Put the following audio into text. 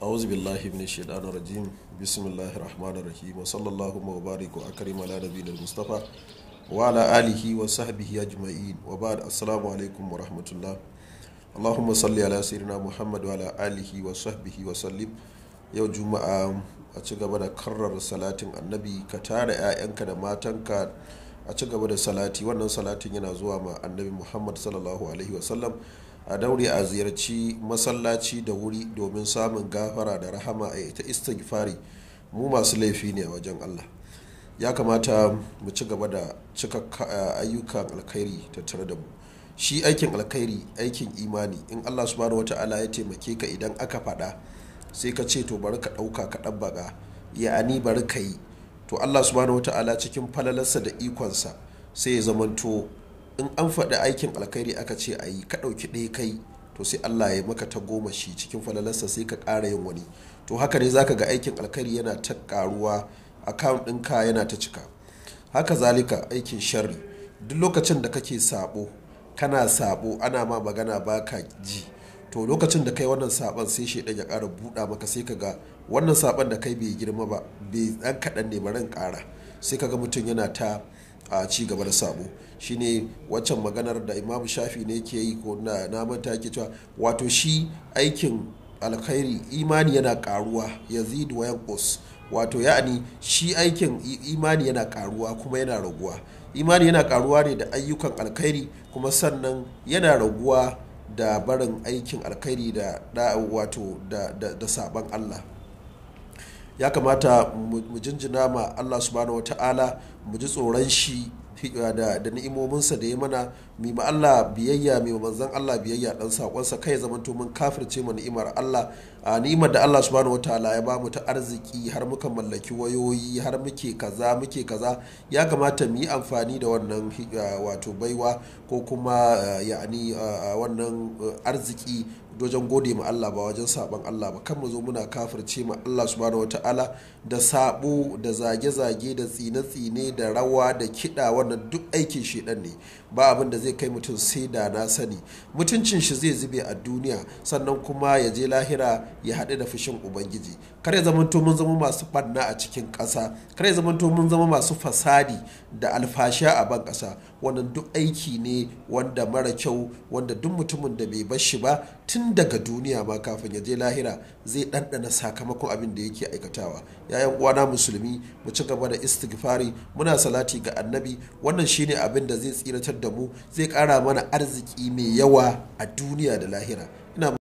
auzu billahi min shaitan rajim bismillahi rahmanu rahi wa sallallahu ma'a bari ko a karima na da mustapha wa ala alihi wa sahabihi ya jima'i wa ba wa rahmatullah allahu ma salli ala sirina muhammadu wa ala alihi wa sahabihi wa yau juma'a a ci da karar salatin annabi ka tara ya'yanka da matanka a ci gaba da salati wannan salatin yana zuwa ma annabi muhammadu sallallahu alaihi wa sallam a daure a ziyarci masallaci da wuri domin samun gafara da rahama a ita istighfari mu masu laifi ne a wajen allah ya kamata mu ci gaba da cika ayyukan alkhairi tattare da mu shi aikin alkhairi aikin imani in allah subhanahu wata'ala ya taimake ka idan aka fada sai ka ce to bari ka dauka ka ɗabbaƙa ya'ani bari ka yi to allah subhanahu wata'ala cikin falalarsa da ikonsa sai ya zamanto in an faɗi aikin alkhairi aka ce a yi ka ɗauki ɗaya kai to sai allah ya maka ta goma shi cikin falalarsa sai ka ƙara yin wani to haka ne zaka ga aikin alkhairi yana ta ƙaruwa account ɗinka yana ta cika haka zalika aikin sharri duk lokacin da kake sabo kana sabo ana ma magana baka ji to lokacin da kai wannan saban sai shaidan ya ƙara buɗa maka sai ka ga wannan saban da kai bai girma ba bai ɗan kaɗan ne ba ran ƙara sai ka ga mutum yana ta a ci gaba da sabo shine waccan maganar da imam shafi ne ke yi ko na manta ke cewa wato shi aikin alkhairi imani yana karuwa zidu wa yanqus wato ya'ani shi aikin imani yana karuwa kuma yana raguwa imani yana karuwa ne da ayyukan alkhairi kuma sannan yana raguwa da barin aikin alkhairi da wato da, da, Allah ya kamata mu jinjina ma allah subhanahu wa ta'ala mu ji tsoron shi eh, da ni'imominsa da ya mana mi ma Allah biyayya mi manzon Allah biyayya dan sakonsa kai to mun kafirce mu ni'imar Allah a ni'imar da Allah subhanahu wataala ya ba mu ta arziki har muka mallaki wayoyi har muke kaza muke kaza ya kamata mu yi amfani da wannan eh, wato baiwa ko kuma eh, ya'ani eh, wannan arziki wajen gode ma Allah ba wajen saban Allah ba kan mu zo muna kafirce ma Allah subhanahu wataala da sabo da zage-zage da tsine-tsine da rawa da kiɗa wannan duk aikin shedan ne ba abin da zai zai kai mutum sai da na sani mutuncin shi zai zube a duniya sannan kuma ya je lahira ya haɗu da fushin ubangiji kar ya zamanto mun zama masu ɓanna a cikin ƙasa kar ya zamanto mun zama masu fasadi da alfasha a ban ƙasa wannan duk aiki ne wanda mara kyau wanda duk mutumin da bai bar shi ba tun daga duniya ma kafin ya je lahira zai ɗanɗana sakamakon abin da yake aikatawa yayan uwana musulmi mu ci gaba da istighfari muna salati ga annabi wannan shine abin da zai tsiratar da mu zai kara mana arziki mai yawa a duniya da lahira